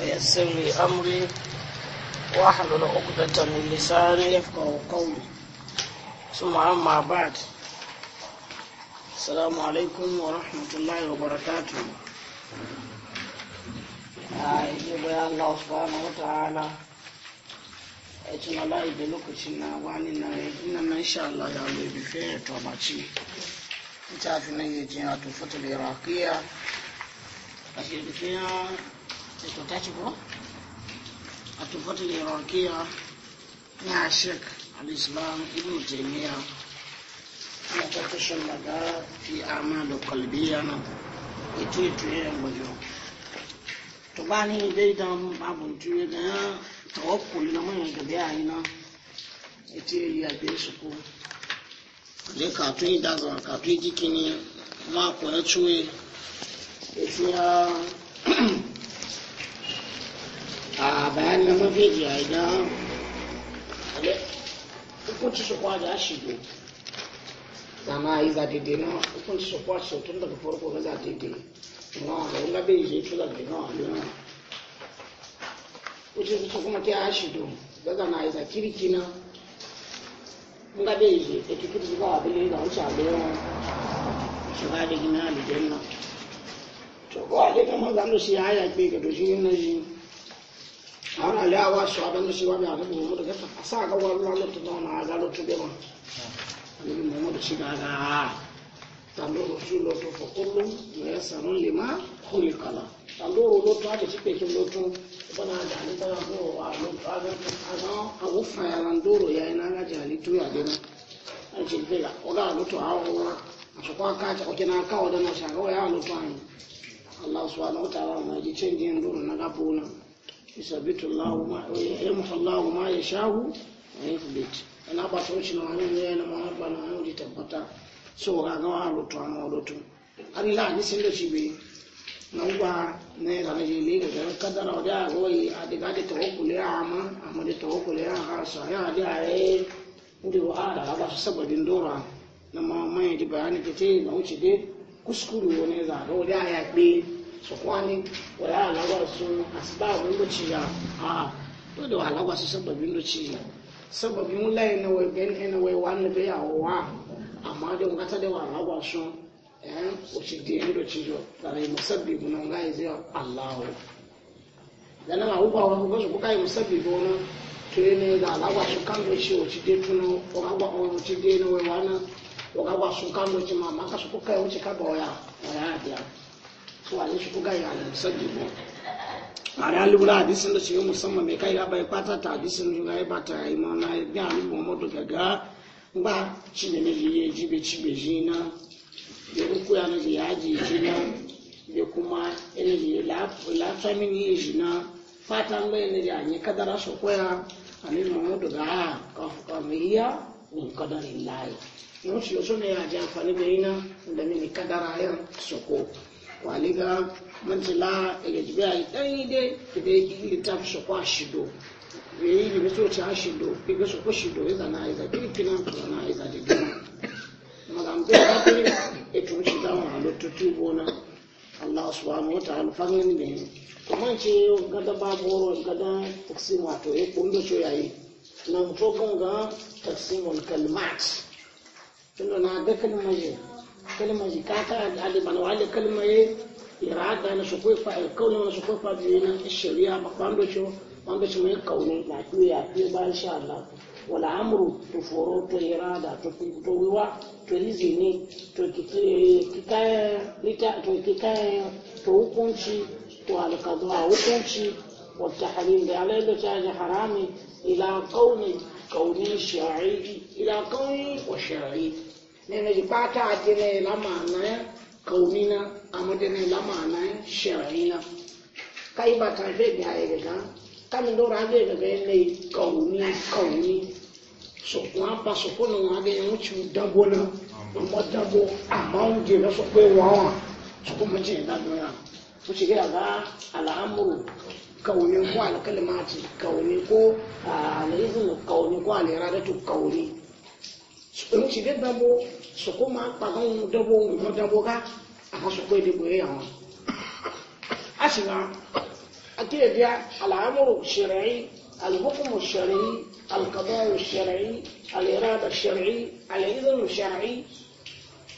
ويسر لي أمري واحلل عقدة من لساني يفقه قولي ثم أما بعد السلام عليكم ورحمة الله وبركاته يجب الله سبحانه وتعالى ya ci na layi da lokacin na wani na ina na insha Allah ya lo bi fe to baci ita fi nan yaji na sai kyauta ci ko a tufatul irarkiya na shek al-islam a taimiyya na ta tashin daga fi ama da kwalbiya na ita tuye yan gwajo to ba ni dai da abun tuye da ya tawakkuli na manyan gabe a yi na ita ya biya su ko zai katu a dazawa katu mako ya cuye Ah, ben, nu mă vede, ai da. Ale, tu pun ce șopoa de așa de. Sama ai za de de, nu? Tu pun ce șopoa și o tundă că porcă vă za de de. Nu, dar unde abia e zeciul ăla de, nu? Nu. Uite, tu cum te așa de. Da, da, n-ai za chiricină. Unde abia e zeciul, pentru că tu zic, oa, bine, da, uite, abia, nu? Și va de gimea, de gimea. Chocolate, că mă gândesc și aia, că tu și gimnezii. àwọn na àwọn aṣọ abẹ́nu síwájú àdúgbò wọn tó kẹta àṣà àgbà wọn aga tó náà náà àgbà ló tún bẹ́ wọn lórí mọ́ wọn sí gàgà tàbí oṣù lọ́tọ̀ fọ́kúnlú lọ́yẹ sànú lè má kó lè kàlà tàbí owó lọ́tọ̀ àti tí pèkì lọ́tọ̀ bọ́nà àjà nígbà tó wà lọ́tọ̀ àwọn àwọn ya iná lájà ní tó ya dẹ́nà àti ìgbéga ọ̀gá lọ́tọ̀ àwọn wọn àṣọkọ́ akáàtà yasabitu Allah ma ya yamu Allah ya shahu wa yuthbit ana ba so shi na ne na ma ba na mu di tabbata so ga ga wa lutu an wa lutu Allah ni sin na ba ne ga ne ni ga ga kada na da go yi a diga da to ku le a ma a ma da to ku le a ha sa ya da e ndi wa da ba so sabadin dora na ma mai di bayani ke ce na wuce de kuskuru ne za ga da ya be Sokwani kwani alagwa alawa su asbabun da ci ya a to da alawa su sababin da ci sababin lai na wai ben ina wai wani bai awowa amma da ngata da alawa su eh o ci de do ci jo tare musabbi kun ga izi Allah da na hu ba wa ko su kai musabbi bona to ne da alawa su kan do ci o ci de tuno o ga ba o ci de ne wai wana o ga ba su kan do ci ma ma ka su ko kai o ci ka ba ya ya ya to a shi buga ya nan sanji mu a ran lura hadisin da shi musamman mai kai ya bai kwata ta hadisin lura ya bata ya yi mana ya ni muhammadu gaga ba shi ne mai yi na ya mai na kuma yanayi lafa mini yi na fatan bai na janye kadara su koya a ni muhammadu kadarin layi yau shi ya na da mini kadara yan soko wani ga mantila daga jibi a yi ide da ya ki ta fi shakwa shido da ya yi da ta ci shido ya ga shakwa shido ya zana ya zaki kina zana ya gina kina magambe ya kiri ya tun shi zama a lotutu gona allah subhanahu wa ta'ala fangin da ne kuma ce gada goro gada taksim wato ya kundu so yayi nan to ganga taksimul kalmat tunda na ga kalmar kalma ji ka ka aliban wale kalma ye irada na su kofa kauna na su kofa biyu na shari'a ba kwando ci wanda ci mai kaune na fiye ya fiye ba insha Allah wala amru to foro to irada to to wiwa to izini to kikaya to kikaya to hukunci to alkazuwa hukunci wata halin da alayhi da ta harami ila kauni kauni shari'i ila kauni wa shari'i nene ji a adene la ma'ana kaunina amma dene la ma'ana shar'ina kai ba ta fe ga ya e ga kan do ra de ga ne kauni kauni so wa pa so ko no wa ga yin chu dabo na amma dabo na so wa wa so ko mace da do ya ko ci ga ga al'amru kauni ko al kalimati kauni ko al kauni ko òun sì dé dánwó sòkó máa ń pàgọ́ ohun dánwó ohun ìmọ̀ dánwó ká àwọn sòkó ìdìbò yẹ àwọn. a sì wá akéèdè àlàámúrò ṣẹ̀rẹ̀yìn alùpùpù ṣẹ̀rẹ̀yìn alùkàbọ̀rù ṣẹ̀rẹ̀yìn alẹ́rẹ́dà ṣẹ̀rẹ̀yìn alẹ́yìnlẹ́rù ṣẹ̀rẹ̀yìn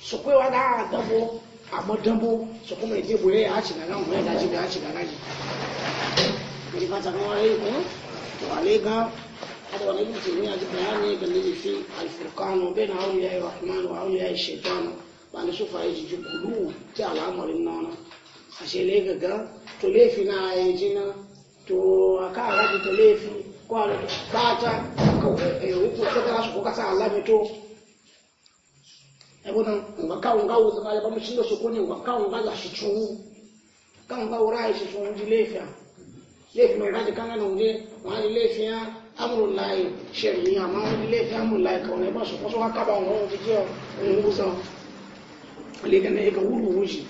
sòkó wa dá dánwó àmọ́ dánwó sòkó máa ìdìbò yẹ àti gàgà òun yẹn dájú bí àti gàgà yìí. ìdìbò àtàkùn wa rí هذا وانا ابن تيمية ذكر يعني الذي في الفرقان بين أولياء الرحمن وأولياء الشيطان وأنا شوف أيجي جبلو تاع الأمر النونة ashe lega ga to lefi na yajina to aka arabi to lefi ko ala to tata ko e wuto kada su ko kasa Allah mi to ebona nga ka nga wuzo kale ba mushindo sokoni nga ka nga la shichu ka nga urai shichu ndi lefi lefi no ngaje kanga no nge wani lefi ya amúrò láì ṣẹ̀rí àmọ́ ilé ìfẹ́ amúrò láì kàwọn ẹgbà ṣùgbọ́n ṣọ́wọ́ kábà wọn ti jẹ́ ohun wúsàn lẹ́gẹ̀ ẹgbẹ̀ wúlò wúṣì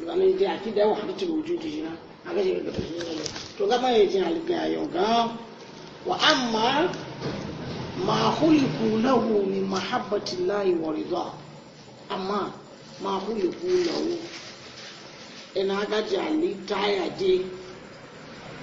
ìbànú ìdí àkídẹ́ wà ojú ti yìí náà agbẹ́jẹ̀ ìgbẹ̀ tó ṣe lọ́wọ́ tó gábà yìí ti àlùkẹ́ ayọ̀ gan wà á má máa húlìkù náwó ní mahabbati láì wọ̀rìdọ́ àmà máa húlìkù náwó ẹ̀nà agájẹ̀ àlè táyà dé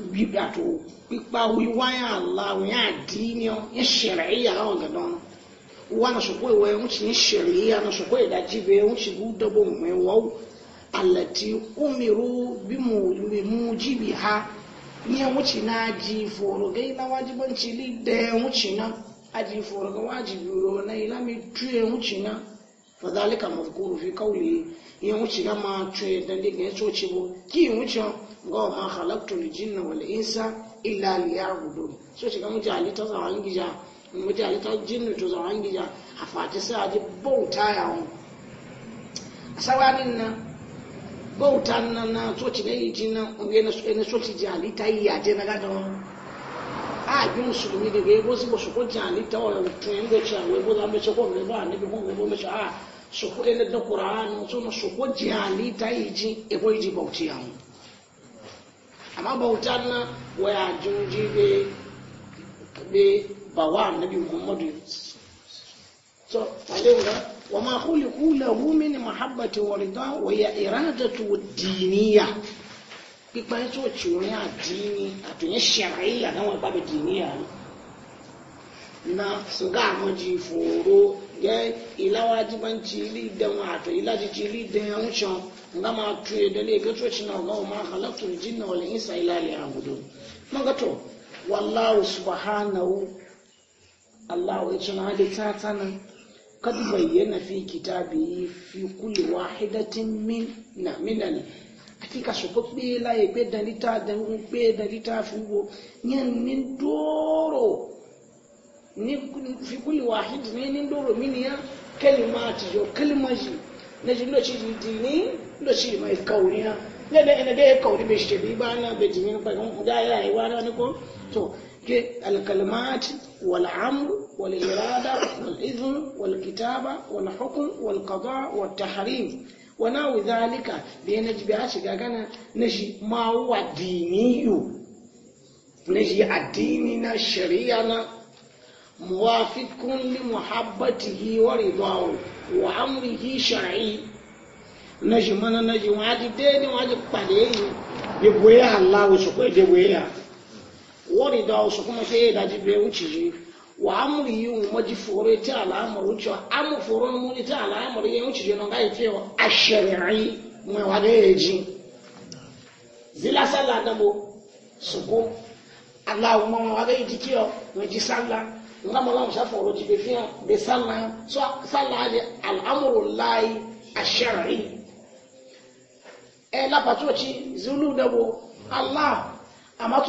yàtò pípa wíwáyà aláwìn àdínìọ ń ṣẹlẹ ìyá àwọn gàdán wà ní sọkó ìwọ ẹ̀hún ti ń ṣẹlẹ ìyá ní sọkó ìdájí bẹ ẹ̀hún ti bú dọ́bọ mọ̀ ẹ̀wọ́ àlẹ́tì ọmọrú bí mo lè mú ha ní ẹ̀hún ti náà jí fòrò gẹ́yìn náà wájú bọ́ ń ti lè dẹ ẹ̀hún ti náà ají fòrò gẹ́yìn wájú bí rò náà ilá mi tú fi káwùlì ẹ̀hún ti náà máa tún ẹ̀dá lẹ́gẹ̀ẹ́ tó ti bọ́ kí ẹ̀hún wa ma khalaqtul jinna wal insa illa liya'budu so shiga mu jali ta zawan gija mu jali ta jinna ta zawan gija a fati sai a ji bauta ya wu asabanin na bauta na na so ci ne jinna ne na so ne so ci jali ta yi ya je na ga don a bi musulmi da ga yabo zuba ko jali ta wa tun yanda ci a wai bo za mu ce ko me ba ne bi ko me bo mu a su ko ne da qur'ani so na su ko jali ta yi ji e ko ji bauta ya wu amma bauta na waya junji be be ba wa annabi muhammadu so talewa wa ma khuliqu hu min mahabbati wa ridha wa ya iradatu diniya pípa ẹ tó tì orin àdínní àtúnyẹ ṣàríyà náwọn ìpàdé dìníyà na ga ji àwọn jì fòòró yẹ ìlàwájú bá ń ti ilé ìdẹ̀wọ̀n àtọ̀ ìlàjì ti ilé ìdẹ̀wọ̀n ṣan ngama tuye da ne gato ci na gawo ma halaftul jinna wal insa ila li abudu manga to wallahu subhanahu allah ya ci na da ta tana kad bayyana fi kitabi fi kulli wahidatin min na minan hakika su kuɓe laye ɓe dalita da ɓe dalita fi wo yan nin doro ni fi kulli wahid ne nin doro min ya kalimati yo kalmaji na shi ndoci dini ndoci mai kauri na ne da ina ga kauri be shi bi ba na be jini ba ga ya yi ne ko to ke al wal amr wal irada wal izn wal kitaba wal hukm wal qada wal tahrim wa nawi dhalika bi na ji ba shiga gana na shi ma wa diniyu na shi addini na shari'a na muwafiqun li muhabbatihi wa ridahu wa amrihi shar'i na shi mana na shi waji daidai waji kwade yi bi boye Allah o ko je boye ya wori da su kuma sai da ji be wuce shi wa amri yi ma ji fore ta al'amar wuce amu foro mu ni ta al'amar yi wuce shi non ga yake wa ashari'i mai wade ji zila sallah da bo su ko Allah mu ma wade é que kiyo mu ji sallah ngama lawo sha be fiya be sanna shari e zulu dabo allah amma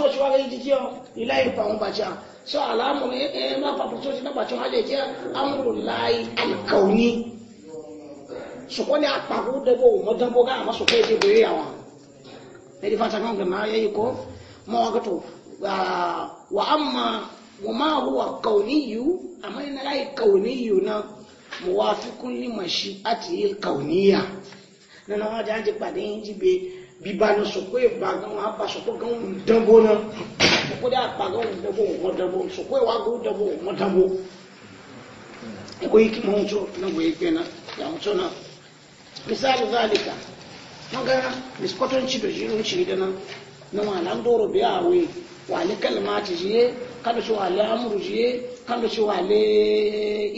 bacha so na bacha dabo ga ma je yawa ne di fata kan ko wa amma وما هو كوني أما na غاي كوني موافق لمشيئته الكونية nana wa jaa jẹ pàdé bíbanu sòkò ìgbà gan apá sòkò gan dánbó náà sòkò dé apá gan dánbó wọn dánbó sòkò ìwà dánbó wọn dánbó. ẹkọ yìí kí tó náà náà tó náà misali wọn ń dòjì ń dáná náà wọn àlá ń bí wà á máa ti yé kando wa wale amuru je kando ci wale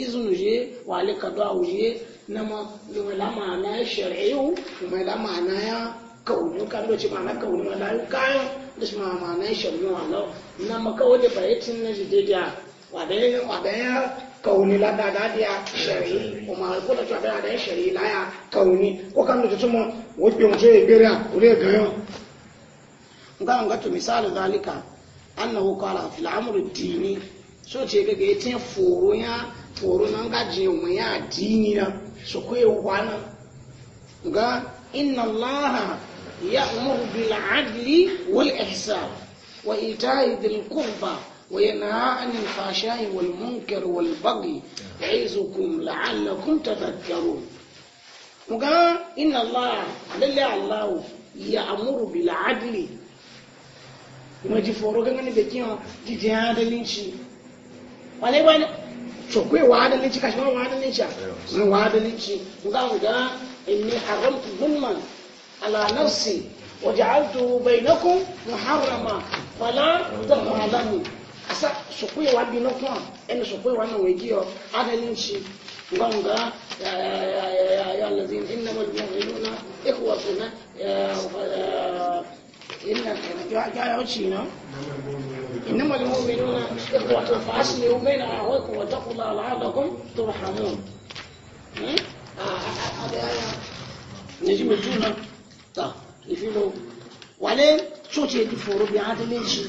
izinu je wale kadawu na nama mai la ma'ana ya shari'u mai la ma'ana ya kauni kando ci ma'ana kauni mai la kayan da shi ma'ana ya shari'u Na ma kawai da bayatin na jidediya wadaya ya kauni la da ya shari'i kuma kula ta da da shari'i la ya kauni ko kando ci tumo wobi mu je gera ure gayo nga tu misali zalika annahu qala fil amri dini so ce ga ga yace foro ya foro nan ga je mu ya dini na so ko ya wana ga inna allaha ya'muru bil adli wal ihsan wa ita'i dhil qurba wa yanha 'anil fahsha'i wal munkar wal baghi ya'izukum la'allakum tadhakkarun muga inna allaha lillahi allahu ya'muru bil adli kuma ji foro gangan da kiyon ti je hadalinci wale wale to kwe wa hadalinci kashi ma wa hadalinci a wa hadalinci za mu ga inni haramtu zulman ala nafsi wa ja'altu bainakum muharrama fala tadhalamu asa so kwe wa bi nokwa en so kwe wa na we kiyo إنما المؤمنون إخوة فأصلحوا بين أخويكم واتقوا الله لعلكم ترحمون نجم الجنة طب يفيلوا وعليه شو تي يدفوروا بهذا الانشي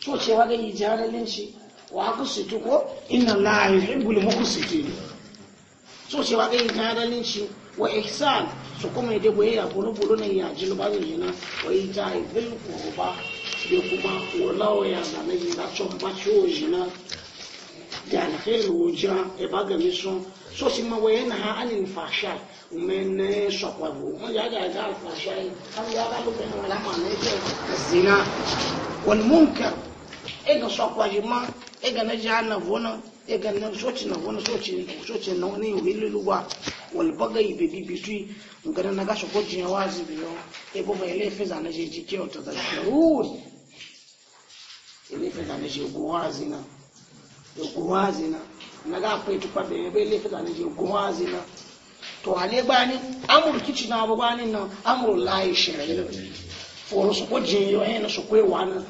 شو تي وهذا يجي هذا الانشي وأقسطوا إن الله يحب المقسطين شو تي وهذا يجي هذا الانشي وإحسان su kuma ya goye ya kuru buru na ya ji ba zai yana wa yi ta haifin kurba kuma wulawa ya zane yi na tsohon ba ci o na da alkhairu wuja ya ba ga misun so si ma wa yana ha alin fasha ume ne bu mo ya ga ga fasha yi kan ya ga lu kan wala ma ne ce zina wani munkar e ga sokwa ji ma e ga na jahannam wona e gannan soci na wani soci soci na wani yau ilu luwa wal bagai be bi bitu ngana na gasho ko jinya wazi biyo e bo mai lefe za na jeji ke to da shurud e lefe za na je gwazi na e gwazi na na ga pe pa be be lefe na je gwazi na to ale bani amur kici na bo bani na amur lai shirayi foro su ko jinya yo e na Nga ko wana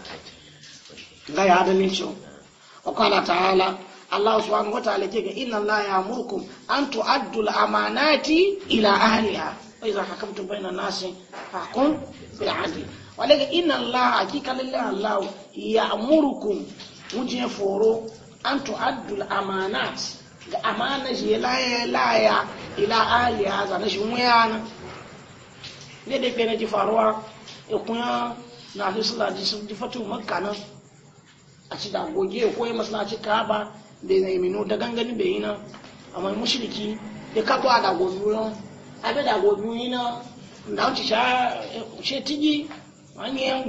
ga ya da min cho Allah subhanahu wataala ke ga inna Allah ya'murukum an tu'addu al-amanati ila ahliha wa idha hakamtum bayna an-nasi fahkum bil 'adl walakin inna Allah hakika lillahi Allah ya ya'murukum muje foro an tu'addu al-amanat ga amana je laya laya ila ahliha na shi muyana ne da ke ji faruwa e kunya na hisla ji sun ji fatu makka a ci da goge ko yi ci kaba da na iminu da gangani bai yi na amma ya kafa a dago biyu na abin dago biyu yi na da wuce ṣe tigi an yan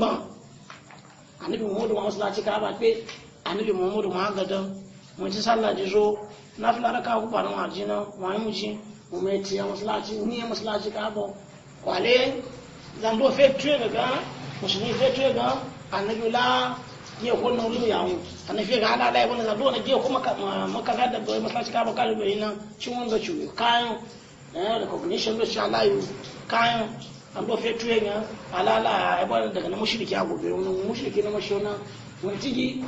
muhammadu ma masalaci ka ba pe muhammadu ma gada mun ci sallah ji zo na fi laraka ku barin waji na wani muji mai tiya masalaci ni ya masalaci ka ba kwale zando fe tuye musulmi fe ga anabi la jiya ko na mu yawon na fiye ga hada da wani da na jiya ko maka zaɗa da wani masashi kaba kalu bai na cin wanda ci kayan recognition eh, da sha layu kayan an bo fetu yin alala yabon daga na mushriki a gobe wani mushriki na mashi wani wani tigi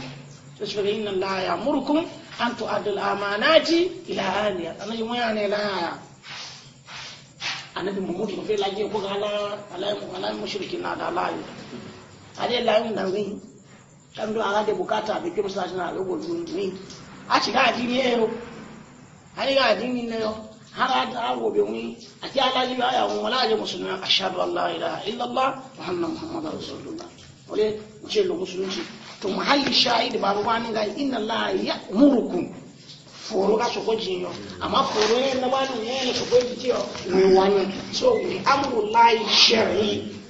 ta shi yin na laya murkun an tu'addul amanati ila aliya annabi mu ya ne laya annabi mu mutu fe lagiya ko ga ala ala mushriki na da layu ale layu na wani kan do bukata be kemu sa na logo tun ni a ci ga dini yo hari ga dini ne hara da awo be wi a ci ala ji ya won wala je musulmi ashhadu an la ilaha illa allah muhammadu muhammadur rasulullah wale ce lo musulunci to mahalli shahid ba ba ni ga inna allah ya'murukum foro ka soko jinyo ama foro ye na wani ne soko jinyo ni wani so ni amru lahi shar'i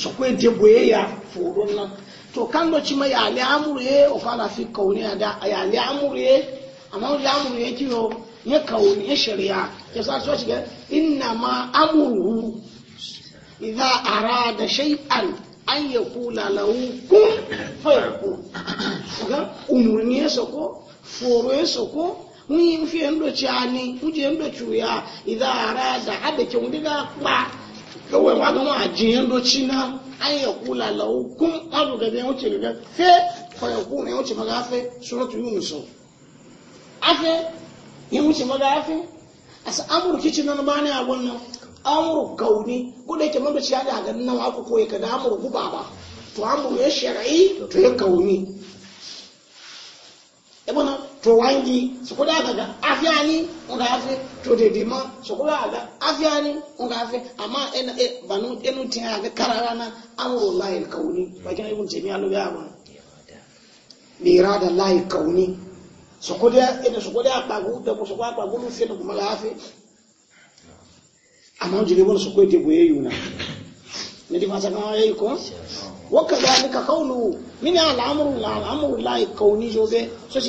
so kwe ya yi a foron nan to kan doci ci mai ali amuriye o fara fi kauni a ya ali amuriye amma ali amuriye kiyo ya kauni ya shari'a ya sa so shiga inna ma amruhu idza arada shay'an an yaqula lahu kun fayakun ga umurni ya soko foro ya soko mun yi fiye ndo ci ani mun je ndo ci ya idza arada hada ke mun diga ba kawai ma gama a jiyan doci na an ya kula lau kun abu da bai wuce daga fe fa ya kuna ya wuce maga afe suratu yunus afe yi wuce maga afe asa amur kici nan ba ne a wannan amur gauni ko da yake mabaci ya daga nan aka koyi ka da amur guba ba to amur ya shari'i to ya gauni ibana to wangi su kuda ka ga afiya ni nga afi to de de ma su kuda ga afiya ni nga afi amma ina e banu enu tin ga karara na amru lahi kauni ba kina ibn jami'a lo ya ba bi irada lahi kauni su kuda ina su kuda ba gu da su kuda ba gu lu fi da kuma afi amma jire bon su kuda boye yuna ne di fasa kan yayi ko wakadhalika qawlu min al-amru la al-amru lahi kauni joge so shi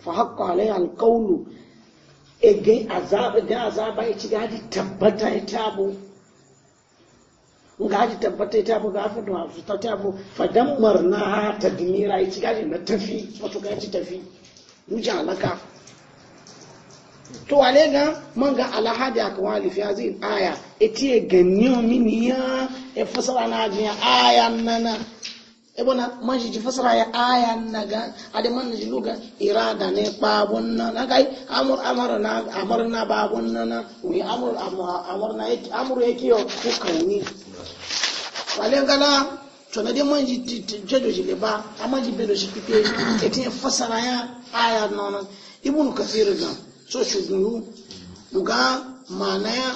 fa عليه القول اجي عذاب azaba da اي ya ci gaji tabbata ya tabo gaji tabbata ya tabo ga fa da su ta tabo fa dammarna tadmira ya ci gaji na tafi wato ga ci tafi wuce alaka to wale ga man ga alhaji aka wali fi hazin aya ganyo mini e fasara na ajin aya nana ebona manji ji fasara ya aya na ga ade man ji luga irada ne pa bonna na kai amur amara na amar na ba bonna na wi amur amar na yake amur yake yo ku kauni wale ngala to na de manji jojo ji le ba amanji bedo ji pipe etin fasara ya aya na na ibn kafir ga so shugunu uga mana ya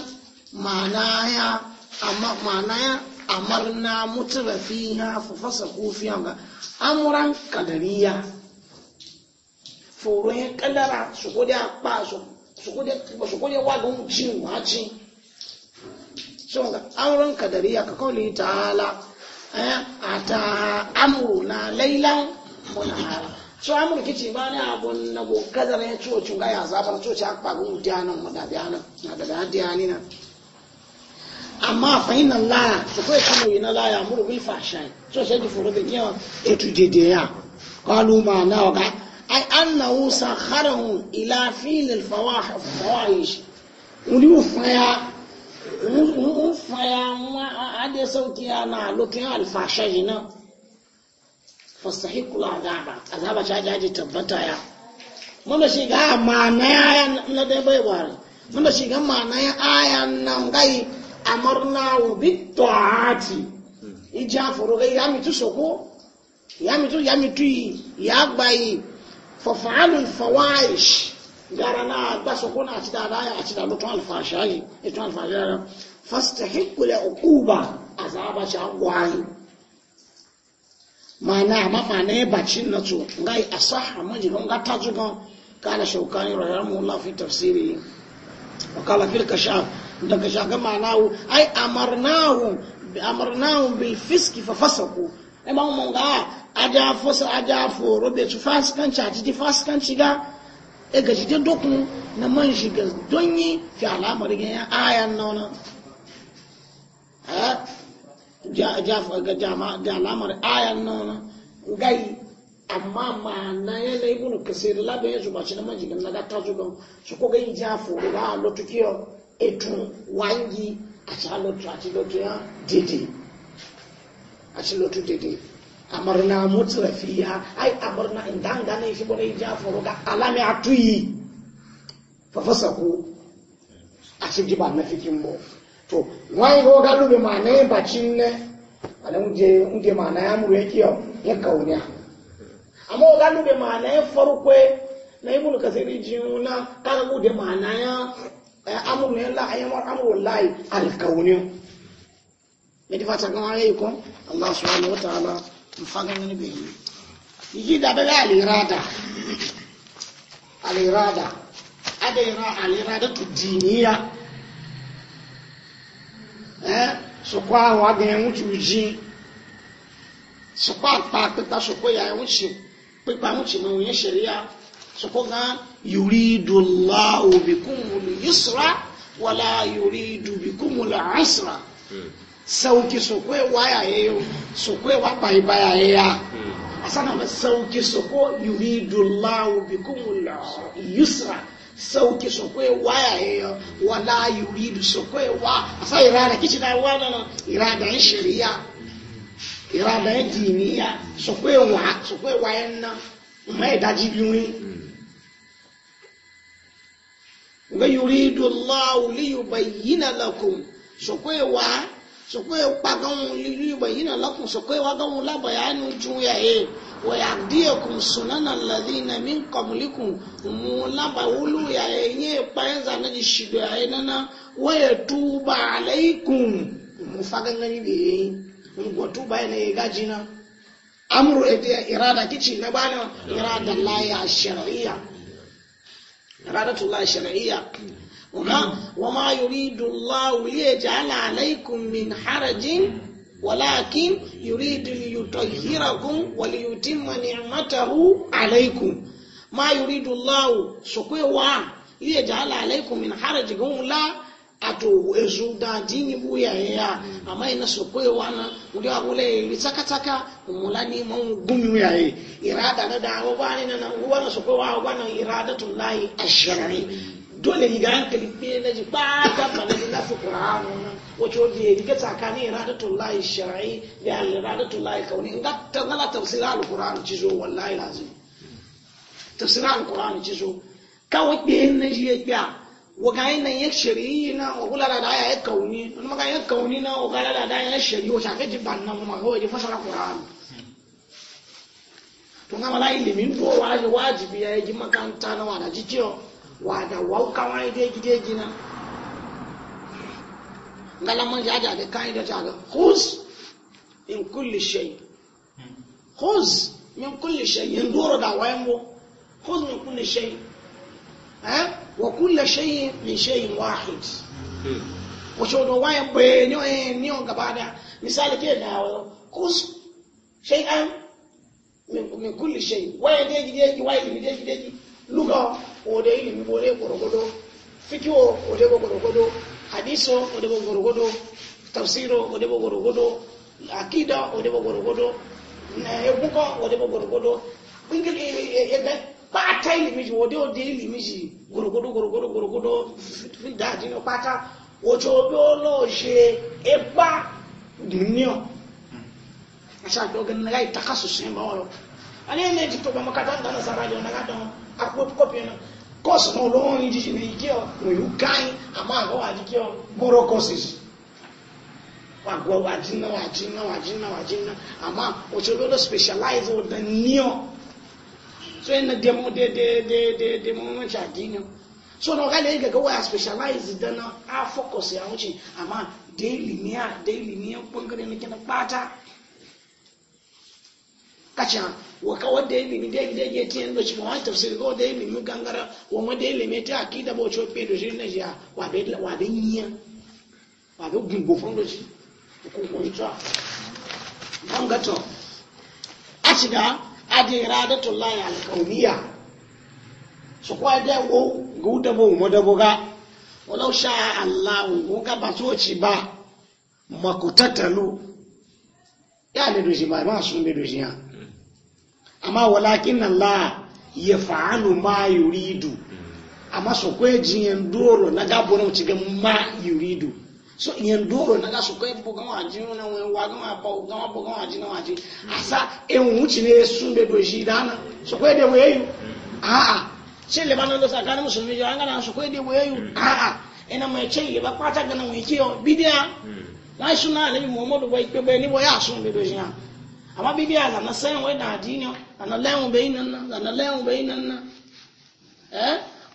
mana ya amma mana ya amarna mutura fiha fa fasaku fiha ga amuran kadariya foro ya kadara su kodi a apa su kodi de su ko de wa ga jin wa ci so ga amuran kadariya ka ala, a ta ata na lailan muna hala so amur kici ba ne abun na go kadara ya ciwo cin ga ya zabar ciwo ci akpa gun dianan mu da dianan na da dianan amma fa inna la su kai kuma yi na la ya muru bil fahsha'i so sai ji furu etu ya ma na ai annahu sakharahu ila fil al fawahif fawahish ma ade sauki na lokin al fahsha'i na fastahiqu al adaba azaba ta jaji tabbata ya da shiga ma na ya na dai bai ma na ya ayan nan gai amarnahu bitaati ija foroga yamitu soko yamitu yamitu yagbayi fafalu alfawaish gara na gba soko na ati dada ati da lutun alfashayi itun alfashayi fastahiqu la uquba azaba cha gwayi mana ma mana bacin na to ngai asaha majin ga tajugo kana shaukani rahimahullah fi tafsiri وقال في الكشاف daga shagan ma'anahu ai amarnahu amarnahu bil fiski fa fasaku e ba mun ga aja fosa aja foro be ci fasikanci a ati fasikanci ga e ga ji dokun na man shiga don donyi fi alamar ga ayan nona ha eh? ja ga jama da alamar ayan nona gai amma ma'ana yi ibnu kasir labe ya zuba ci na majigin na gata ta zuba su ko gani ja foro a lotukiyar ètùn wáńgí àti alọ́tù àti lọ́tù yá na àti lọ́tù dìde àmàrìnà mútìrẹ̀ fi yá àì àmàrìnà ìdáǹgá náà ìfipọ́ náà ìjà fọ̀rọ̀gá alámi àtúyì fọ́fọ́sàkó àti jìbà mẹ́fìkì ń bọ̀ to wáyé gọ́gá lóbi mà náà ọ na ibùn kàsẹ̀rí jìnnà káàkó de mà náà Eh, amuru ya la ayyamar e amuru layi alkauni e ya e di fata gama ya yi kun ala fagan wani bai yi yi da alirada alirada alirada tu diniya eh su pípa ya yan pípa yuridu Allahu bikumul yusra wala yuridu bikumul asra hmm. sauki sokwe waya yeyo sokwe wa bai baya yeya hmm. asana ba sauki soko yuridu Allahu bikumul yusra sauki sokwe waya yeyo wala yuridu sokwe wa asa irada kici da wana na irada shari'a irada diniya sokwe wa sokwe wayan na mai daji biyu nga yuridu allahu liyubayyina lakum sokwe wa sokwe pagan liyubayyina lakum sokwe wa gan la bayanu juya e wa yahdiyakum sunana alladhina min qablikum mu la bawulu ya yenye panza na jishido ya nana wa yatuba alaikum mu fagan ngani be mu tuba ne gajina amru ediya irada kici na bana irada la ya shar'iyya iradatullahi shar'iyya wa ma yuridu Allahu liyaj'ala alaykum min harajin walakin yuridu liyutahhirakum wa liyutimma ni'matahu alaykum ma yuridu Allahu sokwe wa liyaj'ala alaykum min harajin la ato ezu da dini buya ya ya a ina so koyo wana uri abule iri tsaka tsaka ni mun gumi ya yi e. irada na da ba ni na uwa na so koyo wa ba na iradatul lahi e, ashari e. dole ni ga hankali pe na ji ba ta ba na da su qur'anu na wacce wanda ya diga tsakani iradatul lahi shar'i da iradatul lahi kauni ga ta zala tafsira al-qur'an ci zo wallahi lazim tafsira al-qur'an ci zo kawai ɗayan na ji ya ga wagayin nan ya shari'i na wagula da daya ya kauni wani maka ya kauni na wagula da daya ya shari'i wata ake ji ban nan maka waje fasara ƙura'an tun kama la ilimin to waje wajibi ya yi makanta na wa wada jijiyo da wauka wani deji deji na ngalaman ya ja da kayan da ta ga hus in kulli shay hus min kulli shay yin doro da wayan go hus min kulli shay Eh? wa kulla shayin min shayin wahid wace hmm. wadda wayan bayani wayan eh, niyon gaba da misali ke da hawa kus shay'an min kulli shay wayan deji deji wayan ilimi deji deji luga ode ilimi bore gorogodo fikiwo ode gorogodo hadiso ode gorogodo tafsiro ode gorogodo akida ode gorogodo gorogodo pata ilimi ji wode ode ilimi gorogodo gorogodo gorogodo fidadi no pata ojo obe olo se epa dunio asa do na ita kasu sin ba woro ani ne ti to ba makata nda na sara jo na ga don akpo kopi na kosu no lo ni ji ni ki o no yu kai ama go wa ji ki o goro kosis wa go wa ji na wa ji na wa ji na wa ji na ama ojo specialize o so yana da muhimmanci addinin so na ọgá ga ga waya specialize da na a focus ya wuce amma da ilimiya da ilimiya bangare na kina bata kacha waka wadda ilimi da ilimi da ya tiyan da shi wani tafsir ga wadda ilimi gangara wa wadda ilimi ta akida ba wacce wafe da shi na jiya wabe yiya wabe gungofon da shi hukunkun tsa bangaton a shiga aje iradatullahi alkauniya su kwa da wo ga wuta bo mu da boga walau sha Allah ko ga ba so ci ba makutatalu ya ne doji ma ma sun ne ya amma walakin Allah ya fa'alu ma yuridu amma su kwa jiyan doro na gabunan ci ga ma yuridu so yẹn dóòrò náà sọ pé bó gán wà jí náà wọn wà gán wà bọ gán bọ gán wà wà jí àṣà ehun tí lè sún bèbè òṣì dáná sọ èdè wòye yìí àà ṣé ilẹ̀ bá náà lọ sàkánì mùsùlùmí yọ àǹgànà sọ èdè wòye yìí hmm. àà ẹnà mọ̀ ẹ̀kẹ́ ìlẹ̀ bá pátá gánà wòye kí ọ bídí à hmm. láì sún náà lẹ́yìn mọ̀mọ́dù bọ́ ìpẹ́ bẹ́ẹ̀ níbo yà sún bèbè òṣì hàn àmọ́ bídí à lànà sẹ́yìn wẹ́ dàdí ni lànà lẹ́hùn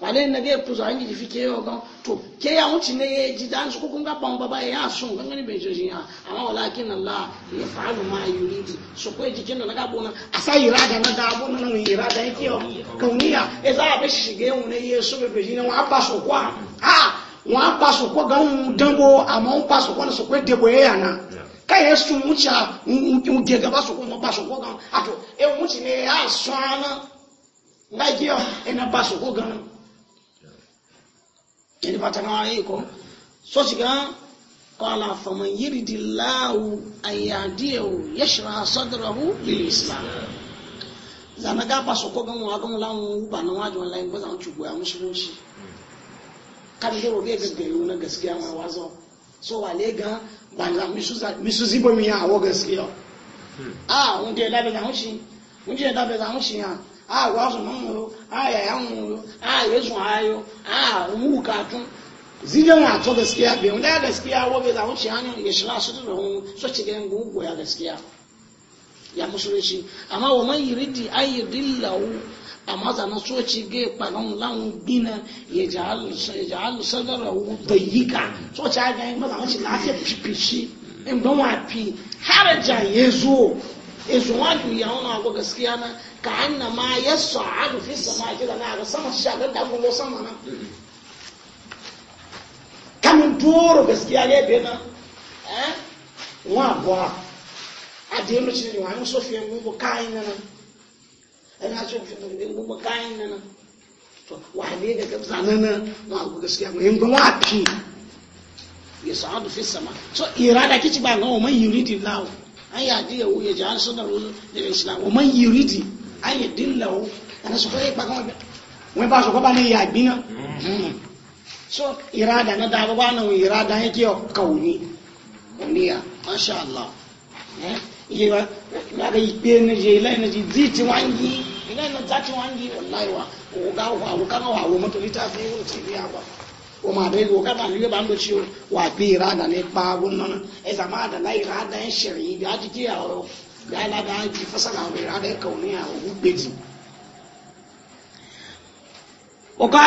wale na ge puzo angi di fike yo gan to ke ya unchi ne ye ji dan su kukunga pa baba ya sun gan ni bejo jin ya amma walakin allah ya fa'alu ma yuridi so ko ji na ga bona asa irada na ga bona na irada yake yo kauniya e za be shige un ne ye so be beji ne, wa ba so kwa ha wa ba so kwa gan dambo amma un pa so kwa so de debo ya na ka ye sun mucha un ge ga ba so kwa ba so kwa gan ato e muchi ne ya sana ngaji yo ena pa so kwa gan yadda fata kan ayi ko so shiga qala faman yuridillahu an yahdiyahu yashrah sadrahu lil islam zana ga ba so ko gan wa gan lan ba na wajo lan ba zan ci goya musulunci kan da roge gaggaiwo na gaskiya ma wazo so wale ga ba za misu zibo mi ya awo gaskiya hmm. a ah, wunde labe za hunshi wunde labe za hunshi ya a ah, wasu mamuyo a ah, yayan muyo a ah, yesu ayo a wukatun zidan wato gaskiya bai wanda gaskiya wabe za wuce hannun ya shira su da hun so ci gayan gugu ya gaskiya ya musulunci amma wa man yiridi an yidillahu amma za na so ci ga kpanon lan gina ya ja'alu sadarahu dayyika so ci ga yin maza wuce lafiya fifishi in ban wa fi harajan ya zo ezuwa duniya wani abu gaskiya na ka anna ma ya sa'adu fi sama kida na ga sama shagar da kuma sama na kamin duro gaskiya ne bai na eh wa ba a da yin shi ne wani sofiyan mun bu na nan ina so fi mun bu na nan to wa ne ga gabza nan ma ku gaskiya mun ba wa fi ya sa'adu fi sama so irada kici ba ga wa man yuridi lahu an yadi ya wuya jahan sunar wani da islam wa man yuridi ayé dín lẹ̀ o ẹ̀nà sọ̀kọ́ yẹ kpakọ́ wọn bá sọ̀kọ́ bá lè yà mm. so irada náà dáa bá náà ìrada yẹn kí ọkà òní òní yà masha allah iye wa lára ìgbé ẹnìyẹ ilé ẹnìyẹ dí tí wọ́n yí ilé ẹnìyẹ dá tí wọ́n wà lítà fi ti rí àgbà nílé o wà á gbé pa wọn náà ẹ̀sà máa dàda ga alada haji fasala mai rada kauniya a gugbeji ọkọ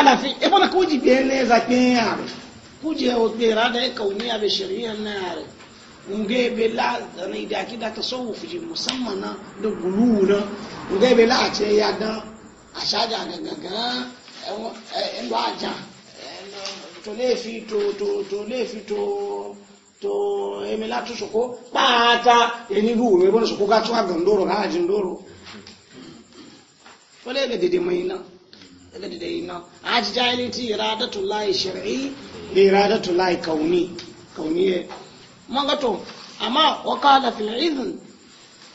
da ta sowo fuji musamman da gulu na nge be a ce ya dan a shaja gangan to emi latu soko eni bu wuro ebon soko gatu aga ndoro ka aji ndoro wala ebe dede mai na ebe dede ina aji jahiliti iradatu lahi shar'i da iradatu lahi kauni kauni ye amma fil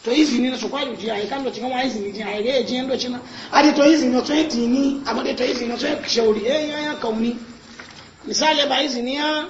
to izini na soko ayi kan izini ji ji ndo to no to no shauri eh, ya kauni misali ba ya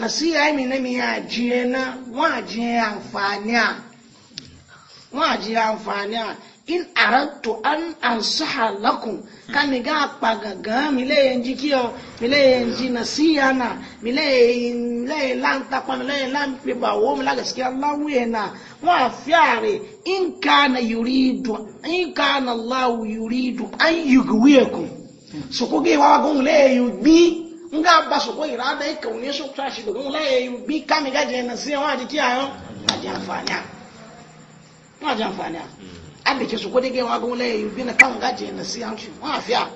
nasiha mi na mi ajiye na wọn a amfani a wọn ajiye amfani a in aratu an ansaha lakum ka mi ga pa gangan yen ji ki o mi le yen ji nasiha na mi le yen le lan ta pa mi le yen lan pe ba wo mi la gaskiya Allah na wọn afiare in kana yuridu in kana Allah yuridu an yugwiyakum so ko ge wa gun le yugbi nga baso ko irada yi kaune so ta shi domin la yayi bi kami ga je na sai wa jiki ayo aje amfani a ma aje amfani a abi ke so ko dege wa gun la yayi bi na kan ga je na sai an shi wa afiya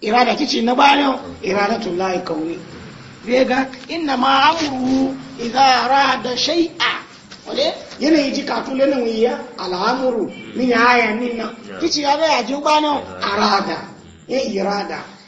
irada kici na bayo irada tun la yayi kaune bi ga inna ma amru idza arada shay'a wale yana yi ji katu lena wiya al'amuru min aya minna kici ya ga ji ba no arada ya irada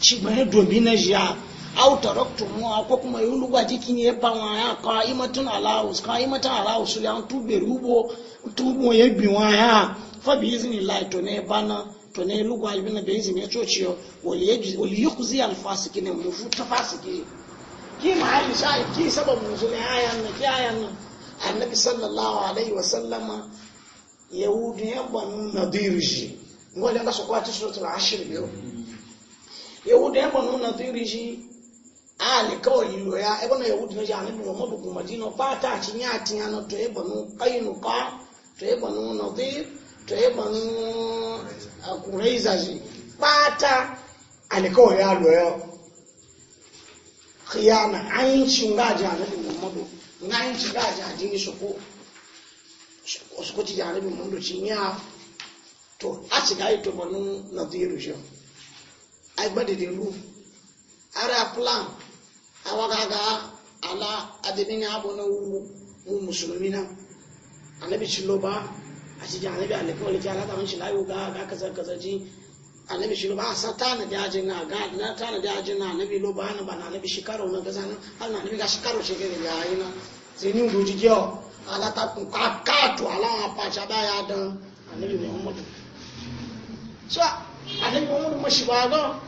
ci mai domin na jiya auta taraktu mu ko kuma yi lugwa jikin ya ba wa ya ka imatun alawus ka imatun alawus ya tube rubo tubo ya bi wa ya fa bi izini la to ne bana to ne lugwa bi na bi izini ya coci yo wali ya kuzi alfasiki ne mu futa fasiki ki ma hali sha ki sabab mu zule ayan na ki ayan na annabi sallallahu alaihi wa sallama yahudi yan banu nadirji ngole ka sokwa ti suratul ashr biyo yahudu ya banu na tiri shi ali kawai yiwo ya ebe na yahudu na jani bi mu bugu madina fata ci nya tinya na to ebe nu qainu qa to ebe nu nadir to ebe nu akuraiza shi fata ali kawai ya lo ya khiyana ayin shinga jani bi muhammadu ngayin shinga jani ni shoko shoko ti jani bi muhammadu ci nya to a ci ga ito banu nadiru shi agbadede lu ara plan awa gaga ala adedin abu na wu mu musulmi na anabi lo ba a cikin anabi alikawali ki alata wanci layu ga ga ji kasarci anabi lo ba a san tana dajin na ga na tana dajin na anabi lo ba na ba na shi karo na gaza na har na anabi ga karo shi ke ya yi na sai ni guji o alata kun ka kato alawan apacha ba ya dan anabi muhammadu so anabi muhammadu mashi ba ga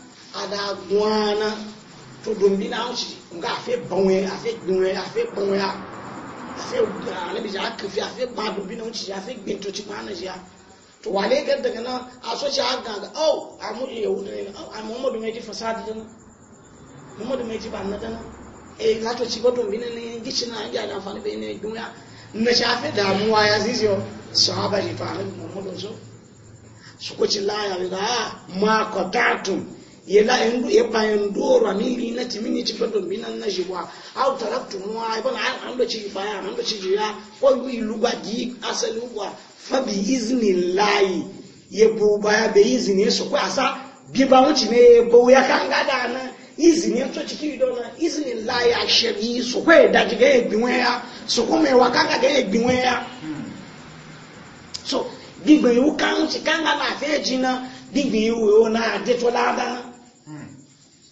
ada guana to dombi na wuce nga afe banwe afe gbanwe afe banwe a afe anabi ja akafi afe ba dombi na wuce afe gbento ci ma na ja to wale ga daga na aso ci aga ga au amu ye wuda ne au ai muhammadu mai ji fasadi dana muhammadu mai ji ba na dana e ga to ci ba dombi na ne gici na ya da amfani bai ne duniya na shafe damuwa ya zizo sahaba ji fa muhammadu so su kuci laya ga ah, ma qatatum yela yeba yendorwa nilina chimini chipedombina nazhibwa au taraktumwa ibona ando chifaya ando chijiya kwangu ilugwa ji asalugwa fabi izni lai yebuba ya be izni yeso kwa asa biba uchi ne bo yakanga dana izni yeso chikidona izni lai asheri so kwa daji ge egbiwe ya so kwa me kanga ge egbiwe ya so gbigbe iwu kan chikanga na fe jina gbigbe iwu yo na adetola dana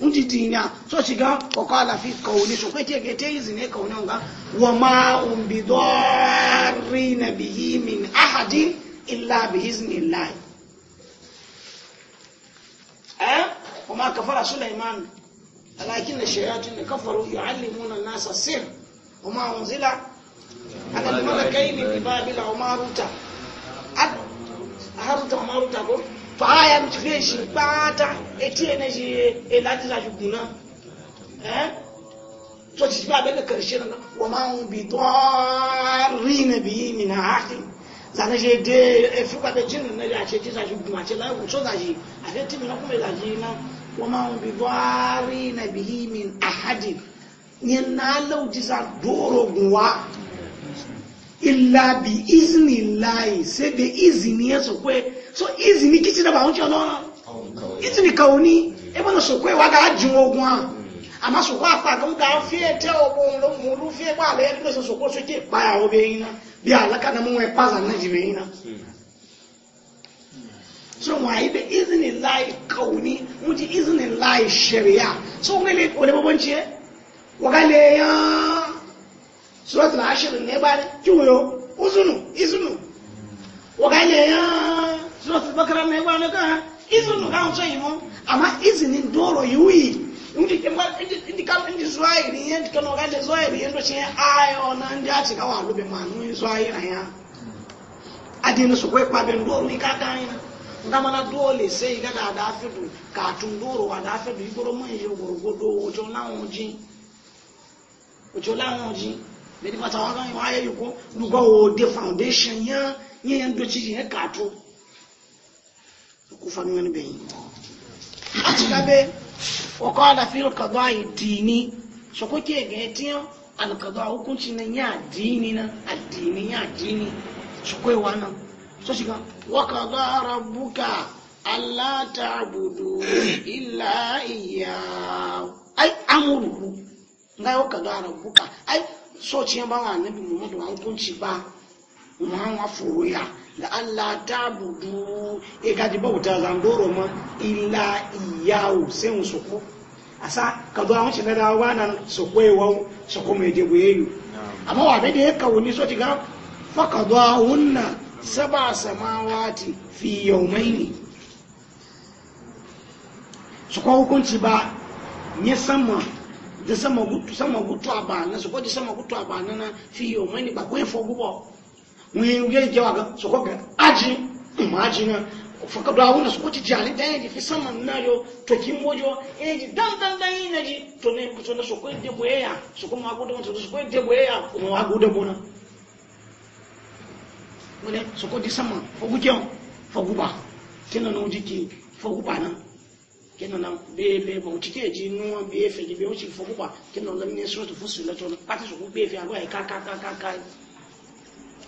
unti tinya so shiga wa qala fi qawli so kai ke te izine kauna ga wa ma um bidarrin min ahadin illa bi iznillah eh kuma kafara sulaiman lakin shayatin kafaru yuallimuna an-nasa sir وما أنزل على الملكين ببابل وما رتب هل رتب وما ko. fàáyà mùsùlùmí èsì pátá etí ẹ̀ náà ṣe èlàjì ṣàṣùkùn náà ẹ́ tó ti bá abẹ́lẹ̀ kẹrìṣẹ́ náà wọ́n máa ń bi tó rí nàbí nìyà áàkì zànà ṣe dé ẹ̀fúkàtà jìnnà náà rí àṣẹ tí ṣàṣùkùn àti láìwò sọ́dà yìí àṣẹ tí mi náà kúmẹ̀ làjì náà wọ́n máa ń bi tó rí nàbí nìyà wá. illa bi izini layi sai da izini ya sokwe so izini kici da ba wuce lọ́nà izini kauni ebe na sokwe wa ga jin ogun a amma sokwe afa ga ga fi ete ogun lo mu lu fi e ba le e ni so sokwe so ke pa ya obe yi na bi alaka na mu e paza na ji be na so wa ibe izini layi kauni mu ji izini layi sharia so ngale ole bobonche wa ga le yan surat al-ashir ne ba ne kiwo uzunu izunu waganye ya surat al-bakara ne ba ka izunu ka so yimo ama izini ndoro yuyi ndi kemba ndi kam ndi zwai ni yendi kana waganye zwai ni yendo che ayo na ndi ati ka wandu be manu zwai na ya adini su kwe kwa be ndoro ikakaina ngamana dole sai ga da da fitu ka tundoro wa da fitu igoro mun yi gorogodo ojo na onji ojo la onji bẹ́ẹ̀ni pátá wọn kan wọ́n ayé yòókó nígbà wo de foundation yẹn yẹn yẹn dọ̀tí yẹn kàtó kó fanu yẹn bẹ́ẹ̀ yìí. láti lábẹ́ tiɲɛ àdàfíìl kàdọ́ àyè dìní sọkókè ẹ̀gẹ́ tiẹ́ alùkàdọ́ àwòkúnṣe náà yẹn àdìní náà àdìní yẹn àdìní sọkó so náà sọ́sìkà wọ́n kàdọ́ ara búkà alátàbùdù ìlà ìyá. ayi amuru ngai wọ́n kàdọ́ ara búkà ayi. so ci ba wa annabi muhammadu an kunci ba ma wa furuya la alla budu e gaji bauta zandoro ma illa iyahu sai suku. soko asa ka zo an shiga dawa nan soko yawa soko mai je buyeyu amma wa bai da ya kauni so ci ga fakadahunna saba samawati fi yawmaini su kwa hukunci ba ne sama de sama gutu sama gutu abana so ko sama gutu abana na fi yo mani ba kwen fo gubo wi nge je waga so ko ga aji maji mm, na fo ka dawo na so ko ti jali eh, dan ji fi sama na yo to ki mojo e eh, ji dan dan dan yi na ji to ne to na so ko e de boya e so e ko ma gudu to so ko de boya ko ma gudu bona mune so ko di sama fo gujo fo guba kina no ki fo guba na kino na bebe bo ke ji nuwa be fe ji be o ci fo kwa kino la ne so to fusu la e, ka ka ka ka ka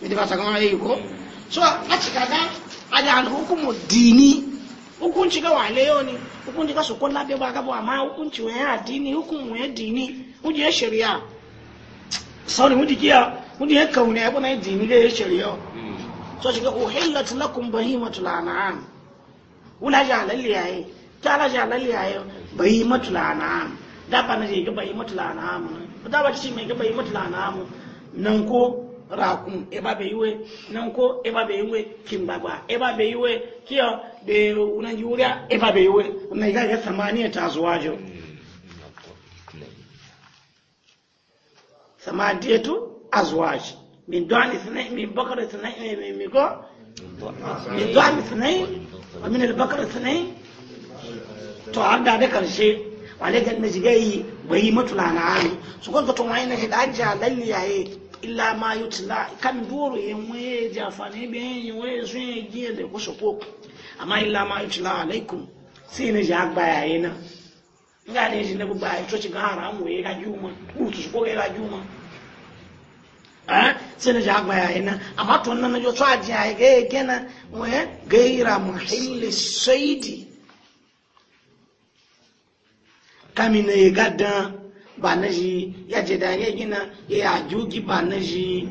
me e. de basa kama e, ko so a so ya dini ya kyala shi alal yayo bai mutula na am da ba na je ga bai mutula na am da ba shi mai ga bai mutula na am nan ko rakun eba be yiwe nan ko eba be yiwe kimbagwa eba be yiwe kiyo be e ba eba be yiwe na ga ga samaniya ta zuwajo samadiyatu azwaj min du'an ithnain min bakar ithnain min ko min du'an wa min al-bakar to har da da karshe walakin na shiga yi bai matula na hali su kwanza tun wani na shi lalle halalli yaye illa ma yutla kan duru yin waye ja fane bayan yin waye sun yi giya da kusa ko amma illa ma yutla alaikum sai na shi agba yaye na nga ne shi na gbogbo ayi to ci ga haram ya ga juma butu su ko ya ga juma sai na ji agba yaye na amma to nan na jo tsaji yaye ayi ga yake na waye gaira muhilli saidi kami na ya gada ba na shi ya je da ya gina ya yi ajugi ba na shi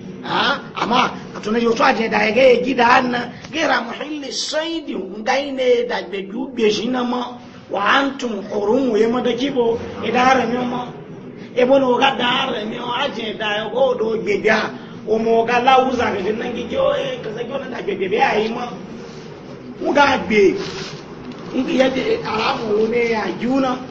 amma a tuna shi wasu aje da ya ga ya gida hannu gaira muhalli sai di ngai ne da be gube shi na ma wa an antum hurun ya mada kibo idan harami ma ebo na oga da harami o aje da ya e go do gbeda o mo ga lawuza ga din nan gige o e kaza gona da gbebe be ayi ma mu ga gbe ngi ya de arabu ne ya juna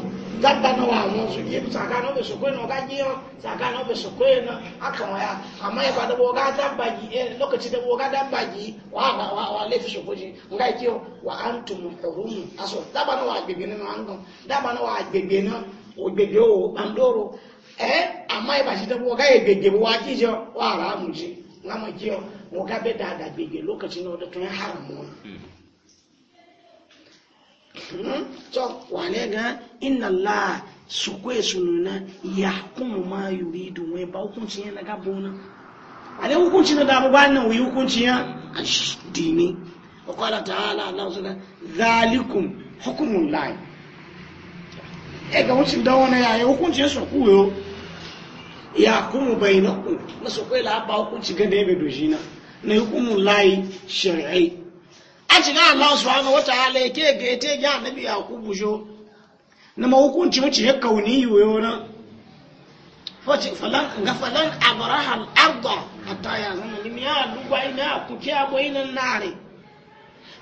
gata na wa su yi saka na be sokwe na ga yi saka na be na aka wa ya amma ya bada boga dan baji eh lokaci da boga wa wa wa lefi nga wa antum aso da ba na wa na da ba na wa na o o eh ya da boga ya wa jo wa ra mu ji na ma mo be lokaci na da Hmm? so wale ị na allah su kwe sununa ya kuma ma yuridu wai ba hukunci ya na gabo na ale hukunci na dabu ba nan wi hukunci ya dini wa qala ga wucin da wani ya su kuyo ya kuma bainakum ba ga ya bai dojina na hukumul aci na Allah subhanahu wataala yake ga yake ga annabi yakubu jo na hukunci wuce ya kauni yoyo na fati falan ga falan abraha al-ardh hatta ya zama ni ya lugwa ina kuke abo ina nare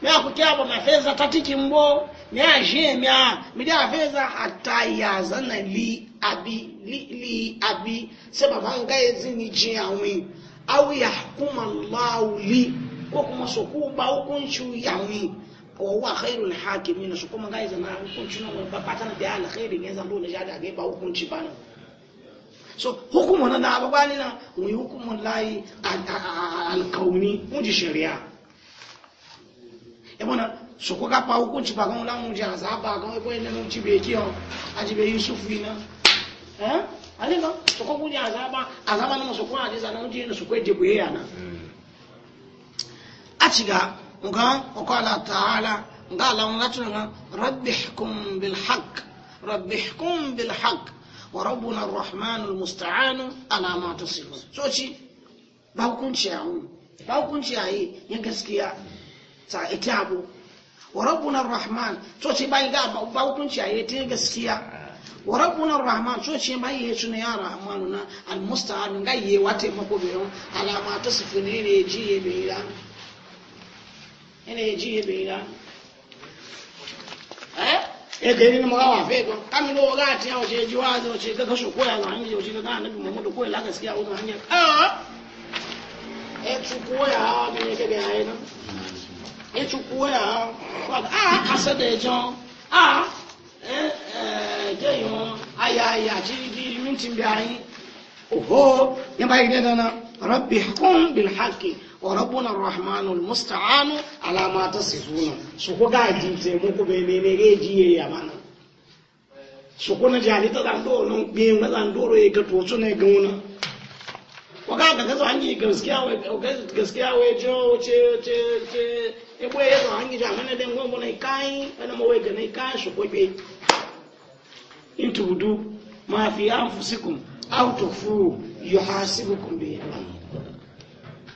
mi ke abo mafeza tatiki mbo mi aje mi a mi da feza hatta ya zana li abi li li abi se baba yanzu ezini ji awin aw ya Allah li ko kuma su ku ba hukunci yawi wa huwa khairul hakimin su kuma ga zama hukunci na ba ba tana da alkhairi ne zan dole na da ga ba hukunci ba nan so hukumu na na eh? ba ni na mu hukumu layi alkauni mu ji shari'a e bona su ku ga fa hukunci ba ga mu ji azaba ga ko ne mu ci be kiyo aji be yusufu ina eh ale ga su ku ji azaba azaba ne mu su ku aji zanan ji ne su ku je buye yana aciga nga okwala taala nga alamu latunga rabbi hkum bilhaq rabbi hkum bilhaq wa rabbuna arrahmanu almusta'anu ala ma tusifun so ci ba hukunci a hun ba hukunci a yi ya gaskiya ta ita abu wa rabbuna arrahman so ci ba yi ga ba hukunci a yi ta gaskiya wa rabbuna arrahman so yi alama ta sifini ne ji ya ene ye ji hebe ina eh e gari na mawa wa fego kamin do ga ti yawo je jiwa zo ce ga kashu koya ga hanje je ga annabi Muhammad ko wannan hanya ah e tu koya ne ke ga ina e tu koya asa da jon ah eh eh je aya aya ji ji mintin bi oho yamba ide dana rabbi hukum bil haqqi wa rabbuna arrahmanul ala ma tasifuna su ko ga ji te mu ko be ne ya mana su na jali ta dan do ga to su ne ga wona ko ga ga zo hangi gaskiya wai gaskiya wai jo e ya zo hangi ja mana den gombo nai kai ana e mo wai ga nai kai su ko be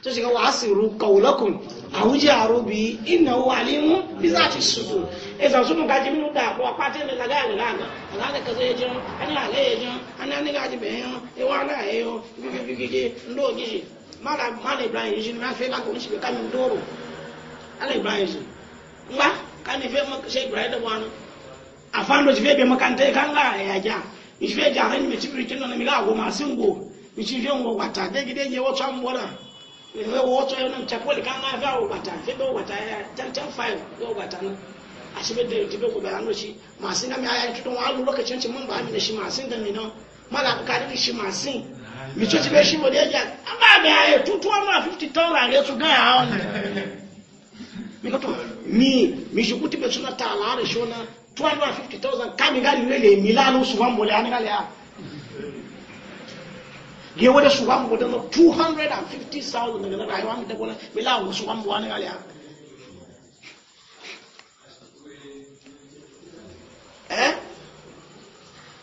tó ṣe wá sí ru kọ̀wọ́lọ́kùn àwùjẹ àrùbí ìnáwó àlímú bí láti ṣùgbọ́ ẹ̀sà súnmù kájí mímú dà àpò apáti ní làgáyàrá àgbà àlàáni kẹsẹ̀ yẹn ẹni àlẹ́ yẹn ẹni àní kájí bẹ̀ ẹwà náà yẹn yọ ńlọ òjijì mọ́ra mọ́ra ibrahim yìí ni wọ́n fẹ́ lákòó níṣẹ́ kámi ńdóró alẹ́ ibrahim yìí ńgbà káni fẹ́ ṣe ibrahim dẹ́wọ́n afando ti fẹ́ bẹ́ẹ̀ mọ́kàntẹ́ káńgà ẹ̀yàjá ìfẹ́ jà ìwé owó tó yẹ náà tẹkọọ nìkan náà fẹ àwọn bàtà fẹ bẹ bàtà ẹ ten ten five bẹ bàtà náà àṣìbẹ dẹrẹ ti bẹ kó bẹrẹ ànúṣi màsín náà mi àyà tuntun wọn alùpùpù kẹsàn-án ti mú bàá mi nìṣi màsín dẹmi náà mọlá kárí ṣi màsín mi tó ti bẹ ṣi wòlé ẹjà àmà mi àyè two two hundred and fifty dollar rẹ tún gáyà ọ nà mi kò tó mi mi ṣùkú ti bẹ sún náà tà àlàárẹ̀ ṣọ́ náà two hundred and fifty thousand kámi gá lè mi láàánú sùn wọn ge wada su wa mu dana 250000 daga na rayuwa mu da gona bila mu su wa mu wani galiya eh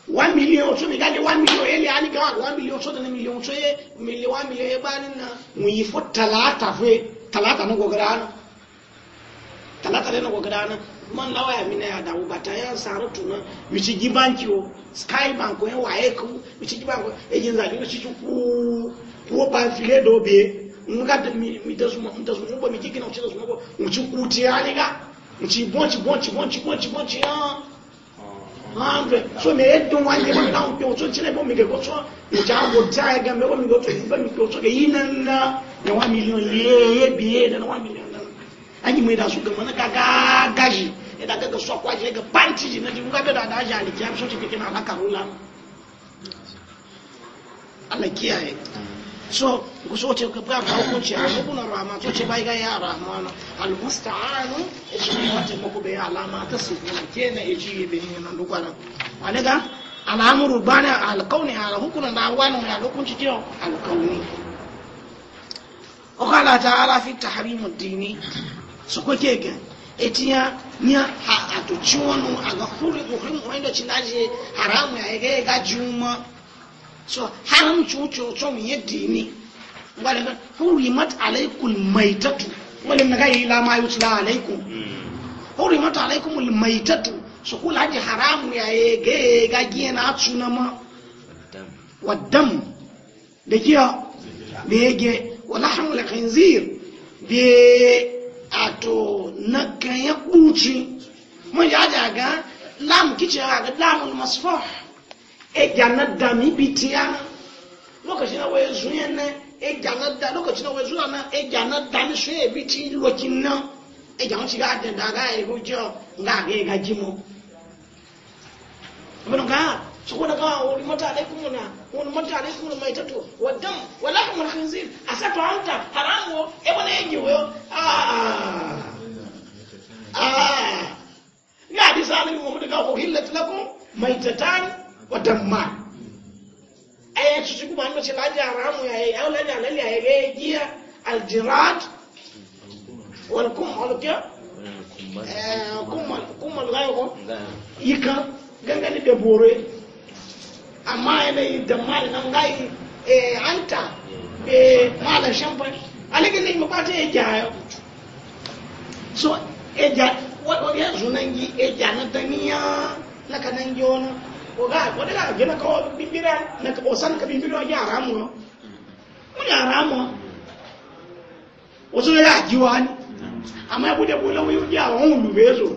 1 million so mi gale 1 million ele ani ga 1 million so da million so ye million one million ye ba ni na mu yi fo talata fe talata no gogara alaka lena gogdana man lawa ya mina ya da u bataya sarutu na michi gibanki o sky bank wen wa eku michi gibanko e jinza ni michi ku ku ba file do be nga mi dazu mi dazu mo mi jikina uchi dazu mo uchi kuti ani ga uchi bonchi bonchi bonchi bonchi bonchi ah hundred ah. so mi edun wa ye na lahun pe o tun mi kẹ́kọ̀ọ́ tún ìjà wo já ẹgẹ mi mi kò tó ìgbẹ́ mi kò tó èyí náà ń million ye bi yéé náà million. anyi mai da su ga mana gaga gashi ina ga su kwaje ga panti ji na jimu ga da da ja ali kiyam so ci kike na haka rula kia kiyaye so ku so ce ka ba hukunci a hukunan rahama so ce bai ga ya rahmanu al musta'anu ismi wata muku bai alama ta sukuna kenan eji be ni nan dukwana anaga al'amuru bana alkauni a hukunan da wani mai hukunci cewa alkauni وقال تعالى في التحريم الديني ke keke etiya ni ha ato chiwonu aga furi huri uhrim da chinaje haramu ya ga ga juma so haram chucho mi yedi ni ngale ga hurimat alaikum maitatu wala naga ila ma yutla alaikum hurimat alaikum maitatu so kula ji haramu ya ga ga gi na gina ma wadam da kiya da yage wala hamul khinzir bi ato na ganyen ɓuci mun ya daga lam kicin a ga damul masfor e gana dami bitiya lokacin na waye zuye na e gana da lokacin na waye zuwa na e gana dami su e biti lokin na e gana shiga da daga e hujjo nga ga ga jimo abin ga sukuna kawa wani mata alaikum na wani mata alaikum na mai tato wadam a mun khinzir asatu anta haramu e eh, wala yengi wo ah ah ya hadisi annabi ko ga uhillat lakum maitatan wa damma aya ci ci kuma annabi ce laji haramu ya yayi au laji halal ya yi giya aljirat wal kum halqa eh, kummal kummal gayo ko yika gangani da bore amma yanayi da mal nan gai e eh, anta e Shamba eh, shampa alike ni mabate e jayo so e ja wa wa ya zunangi e ja na daniya na kanan jona ko ga ko da ga na ko bibira na ko san ka bibira ya haramu no mun ya haramu wasu ya jiwa ni amma ya bude bulawu ya won lubezo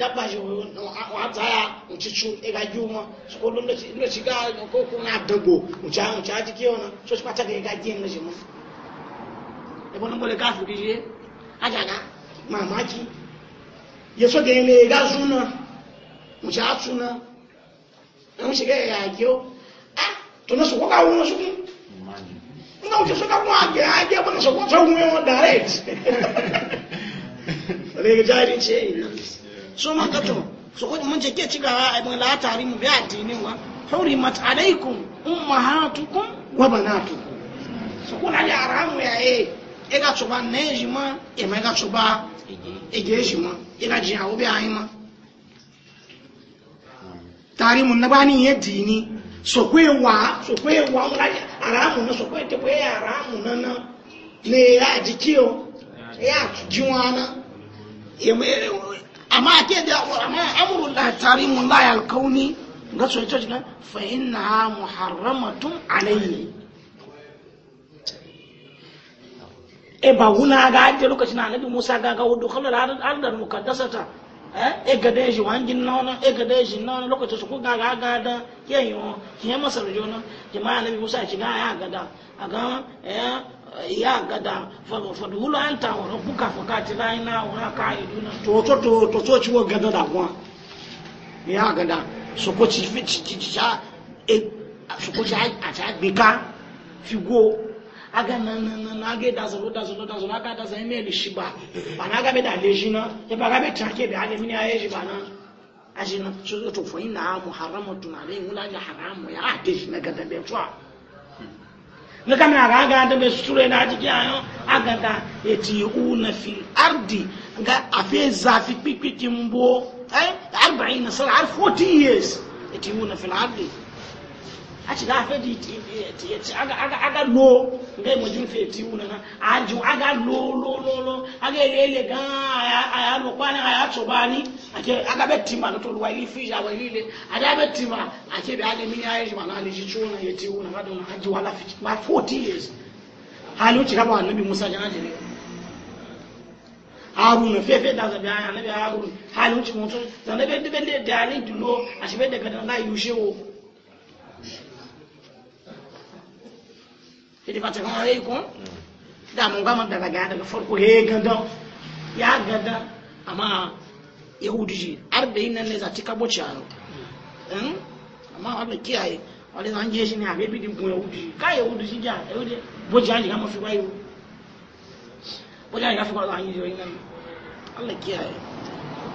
dabba shi wata ya uci cu ega juma su ko lunda ci lunda ci ko kuna dago uci ha uci ha ji kiyo na so ci pata ga ega jin na shi e bono mole ka fu biye aja ga mamaki ye so ga ne ga suna uci ha suna na mu shiga ya kiyo ah to na su ko ka wuno su kun nga uci so ka mu age age bono so ko so mu direct Rege jari ce. ina. so man kato so ko mun je ke ci ga ibn la tahrimu bi addini wa hurimat alaykum ummahatukum wa banatukum so ko la haramu ya e e ga so ba neji ma e ma ga so ba ege ji ma e ga ji awo bi ayin ma tahrimu na bani ni ye dini so ko e wa so ko e wa la haramu na so ko e te ko e haramu na na ne ya jikio ya jiwana amma ake da amma amrul la tarimun la yalkauni ga so ita shiga fa innaha muharramatun alayhi e ba wuna ga da lokacin na nabi Musa ga ga wudu khalal ardar muqaddasata eh e ga da shi wangin nona e ga da shi nona lokacin su ku ga ga ga da yayin yo kiyan masar jona jama'a nabi Musa shiga ya ga da a ga eh ya gada faduhulu an ta wani buka fakati layi na wani ka yi duna toto toto to ciwo gada da kuma ya gada su ko ci fi ci ci ca e, su ko ci a ca gbika figo aga na na na na aga da zoro da zoro da zoro aga da zai meli shi ba ba na aga bai da leji na ya e, ba aga bai take bai aga mini ayeji ba na aji na su to fo ina muharramatun alayhi wala ya haramu ya te shi na gada be tuwa nika na ka ga da be sure na jiki ayo aga ga eti una fil ardi ga afe zafi pipiti mbo eh 40 sala 40 years eti una fil ardi ati ga fe di ti ti aga lo ngai mo jun fe ti una anju aga lo lo lo lo aga ga lo kwa na aya to bani ake aga be ti ma to wali fi ja wali ake be ma na ji ye ti wala fi ma ci musa jana harun fe fe da zabi harun ci to zanabe de dulo daga na jadi fata kuma rai ko da mun he ganda ya ganda yahudi yahudi yahudi yahudi allah kiyaye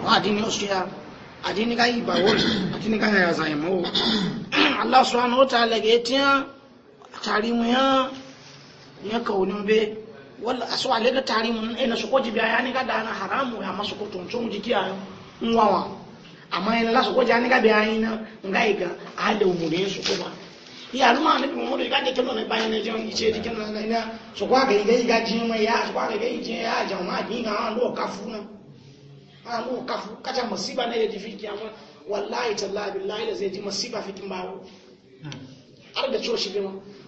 wa adini adini allah ya kaunin be wala aso ale ga tari mun e na soko ya ayani ga dana haramu ya masu ko tonto mu jiki ayo nwawa amma ina e la soko jani ga be ayina nga iga e ade umure su ko ba ya ruma ne bi mu ga de kelo ne bayan ne jan ice de kelo na ina kwa ga iga iga jin mai ya kwa ga iga jin ya ma ji ga an do kafu na an do kafu kaja masiba ne ya ki amma wallahi tallahi billahi la zai ji masiba fitin bawo har hmm. da cewa shi be ma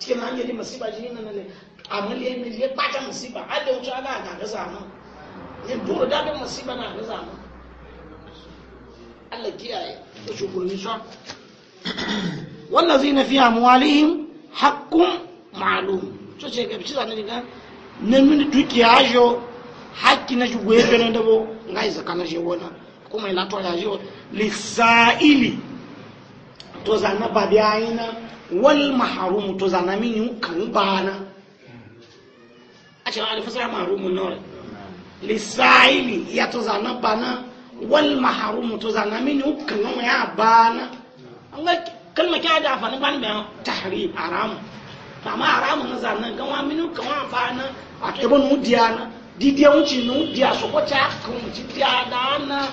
tí ma ń yẹ ní masiba jí ní nàlẹ́ àmọ́ lé ní lé pátá masiba á lè wútu alá àgàgà sànú ní dúró dábẹ́ masiba náà àgàgà sànú. Allah kiyaye da shugabanni sa. Wallazi na fiya muwalihim hakkun ma'alum. So ce ga bici zanen ga na mini dukiya jo hakki na shugo ya gano dabo nga yi zaka na je wona kuma ila to ya jo lisa'ili to zanna babi ayina wal maharumu to zana min yin kan bana a cikin alifasar maharumu nore lissaili ya to zana bana wal maharumu to zana min yi kan ya bana an ga kalma kya da amfani bani bayan tahrim haramu amma haramu na zana ga wa min kan wa bana a tebon mudiyana didiya wuce na mudiya su kwace kan wuce diya da ana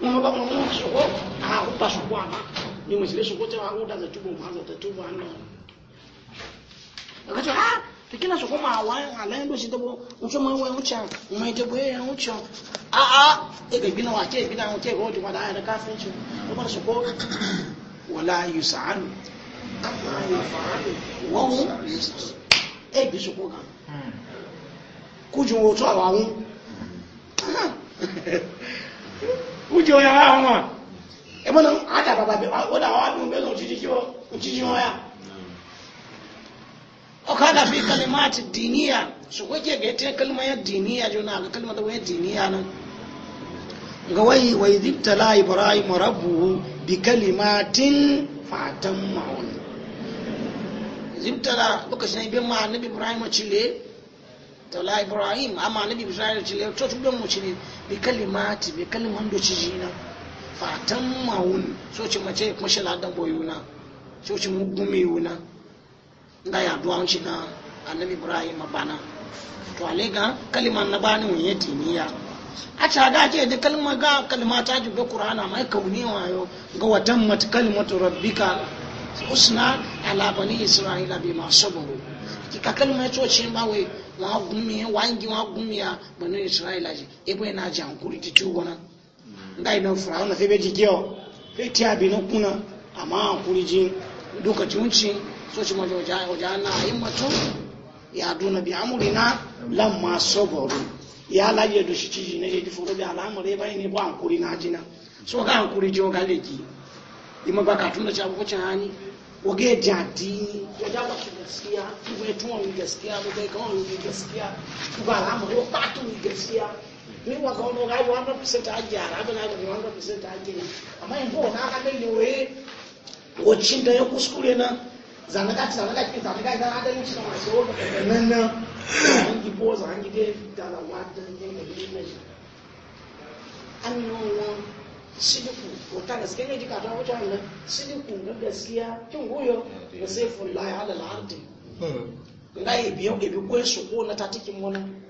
wani ba wani su ko a hupa su ko ma. ni mwisilie shokota wangu daza tubu mwanza tatubu ana akacho ha tikina sokoma awa alendo shitebo ucho mwe ucha mwaite bwe ucho a a ebe bina wake bina wake goti kwa daira kafin cho kwa soko wala yusalu amma yafalu wa hum ebe soko ga hmm. kujun oto awa hun ujo ya ha ẹgbọ́n náà àádà bàbá bẹ wọ́n àwọn àdùn bẹ́ẹ̀ lọ jíjí wọn jíjí wọn yá ọkàdà fi kalimati diniya su kwake ga yadda kalma ya diniya jona ga kalma da wayar diniya nan ga wai wai zibtala ibrahim rabbuhu bi kalimatin fatan ma'un zibtala lokacin bin ma annabi ibrahim cile la ibrahim amma annabi ibrahim cile to tubin mu cile bi kalimati bi kalman do cijina fatan mawun soci mace kuma shi ladan boyuna gumi gumewuna nga ya duwan shi na annabi ibrahim bana to ale kalimar na bani mun yi tiniya a ca da ke da kalmar ga kalma ta jibe qur'ana mai kauni wayo ga watan mat kalmatu rabbika usna ala bani isra'ila bima sabaru kika kalma to ce ba wai wa gumi wangi wa gumiya bani isra'ila ji ebe na jankuri ti tuwana nga ina firawuna febe jigiyo fe tiya bi kuna amma kuri ji duka ciunci so ci majo ja na himmatu ya duna bi amurina lamma sabaru ya laje dushi ciji ne ji furo bi alamare bai ne ba hankuri na jina so ga hankuri ji ga leji ima ba ka tunda ci abu kucin hani wage jadi ya ja ba ki gaskiya ku bai tuwon gaskiya ku bai kawon gaskiya ku ba alamare ba tuwon gaskiya ni wa ga ono ga 100% aje ara abana ga 100% aje amma in ko na ga dai yoye wacin da ya kuskure na zana ka zana ka kin zana ka zana da ni ma so da nan an gi bo zan gi de da la wa da ni ne ni ne an no wa sidiku wata ne jika ta wuce nan sidiku na gaskiya kin goyo da sai fullahi ala al-ardi ngai hmm. biyo ke bi ko su ko na ta tikin wannan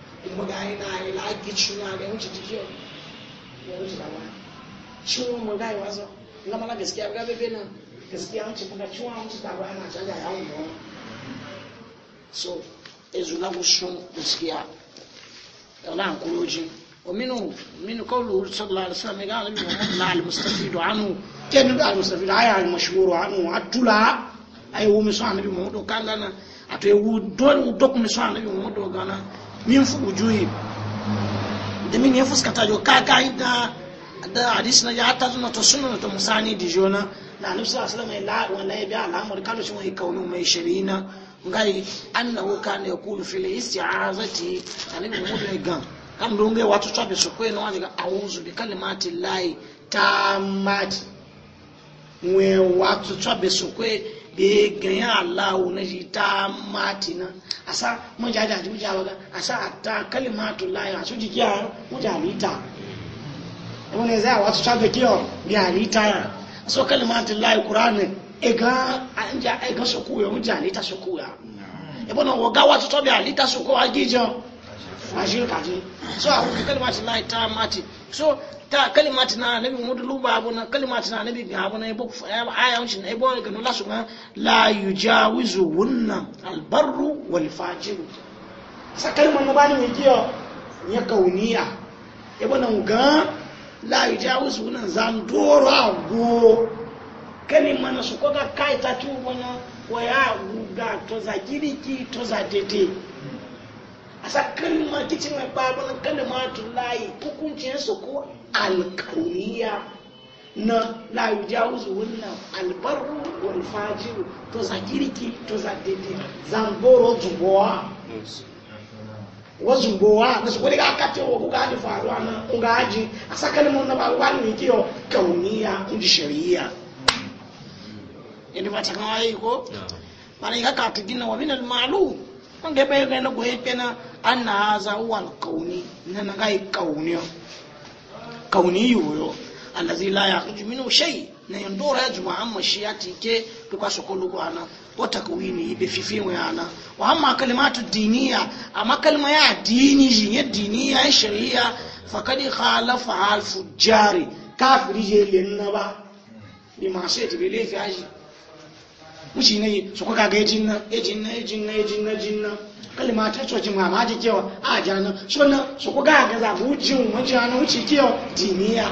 kuma ga yi na yi lagi cina ga yanci jiki yau ya wuce da wani ciwon mu gaya wazo na mana gaskiya ga bebe nan gaskiya wancan kuma ciwon wancan da ba na canza ya wuce wani so ezu na gusun gaskiya da na hankuloji ومنه من قوله صلى الله عليه وسلم قال لا المستفيد عنه كان المستفيد عيا المشهور عنه أتلا أي هو مسوى النبي محمد وقال لنا أتوي ودون ودوك مسوى النبي محمد وقال min wujuhi da ya fuskata jo kaka da da hadis na ya ta zuna sunna musani di jona na annabi sallallahu alaihi wasallam wala ya bi al'amur shi mai kaunu mai sharina ngai annahu kana yaqulu fil isti'azati gan kam don ga wato tsabe su ko yana ga a'udhu bi kalimati llahi mu tsabe su ko be ganyan allahu na shi ta mati na asa mun ja jaji wuce waga asa a kalimatu layi a su jiki a wuce halitta yau ne zai a wasu shaga kiyo bi ya. ya so kalimatu layi kuranin ega anja ega soku ya wuce alita soku ya yabo e na waga wasu tobi alita soku a gijan a shirka so a kalimatu ta so ta kalima na nabi mu dulu abu na kalima tina nabi bin abu na ibo aya wuce na ibo ga nula su la yujawizu wunna albarru wal fajir sa kalima na bani mai kiyo ya kauniya ibo nan gan la yujawizu wunna zan doro go kalima na su koga kai ta tu wani waya ga to za kiriki to za daidai asa kalma kici mai babon kalmatun layi hukuncin su ko alkauniya na layu jawuzu wannan albarru wal fajiru to za kirki to za dede zamboro zubowa wa zubowa na su kwadiga aka ce wa kuka haji faruwa na kuka haji a sakalin na ba wani ne kiyo kauniya in ji shari'a yadda ba ta kawai ko mana yi haka ta gina wa minal malu. nga ebe ga na goye pe e na anna haza huwa kauni, na na gai kauni kauni yoyo allazi la yakhruju minhu shay na yandora yajma amma shi ya tike bi kwa soko ko ana wa takwini be fifinwe ana wa amma kalimatu diniya amma kalma ya dini jin ya diniya shari'a fakad khalafa al fujjari kafiri je lenna ba bi ma sai tibe aji wuce ne su kuka ga ejin na ejin na ejin na ejin na ejin na kalima ta coci ma ma ji kewa a jana so na su kuka ga za ku ji mu ji ana wuce kewa diniya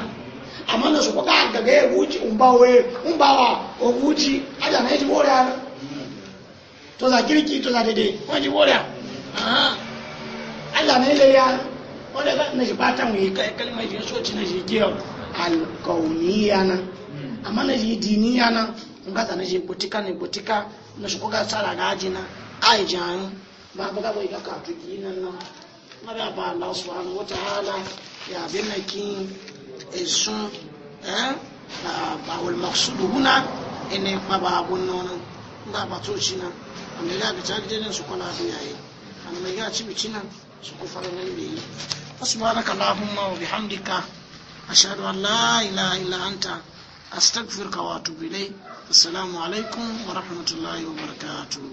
amma na su kuka ga ga wuce un ba we un ba wa o wuce a jana ji bore ana to za kirki to za dede ko ji bore ah Allah ne le ya wanda ga na shi mu yi kalima ji soci na shi kewa alkauniya na amma na shi diniya na nga zana ji botika ne botika na shi kuka gaji na ai jani ba ba ga bai ga ka tuki nan nan na da ba Allah subhanahu wataala ya bi na ki esun eh ba wal maqsudu huna ene ba ba bun non na ba to shi na e. amma ga bi tare da su kula da yayi amma ga ci bici nan su ku fara nan bi e. subhanaka allahumma wa bihamdika ashhadu an la ilaha illa anta astagfirka wa atubu ilai assalamu alaikum wa rahmatullahi wa barakatuh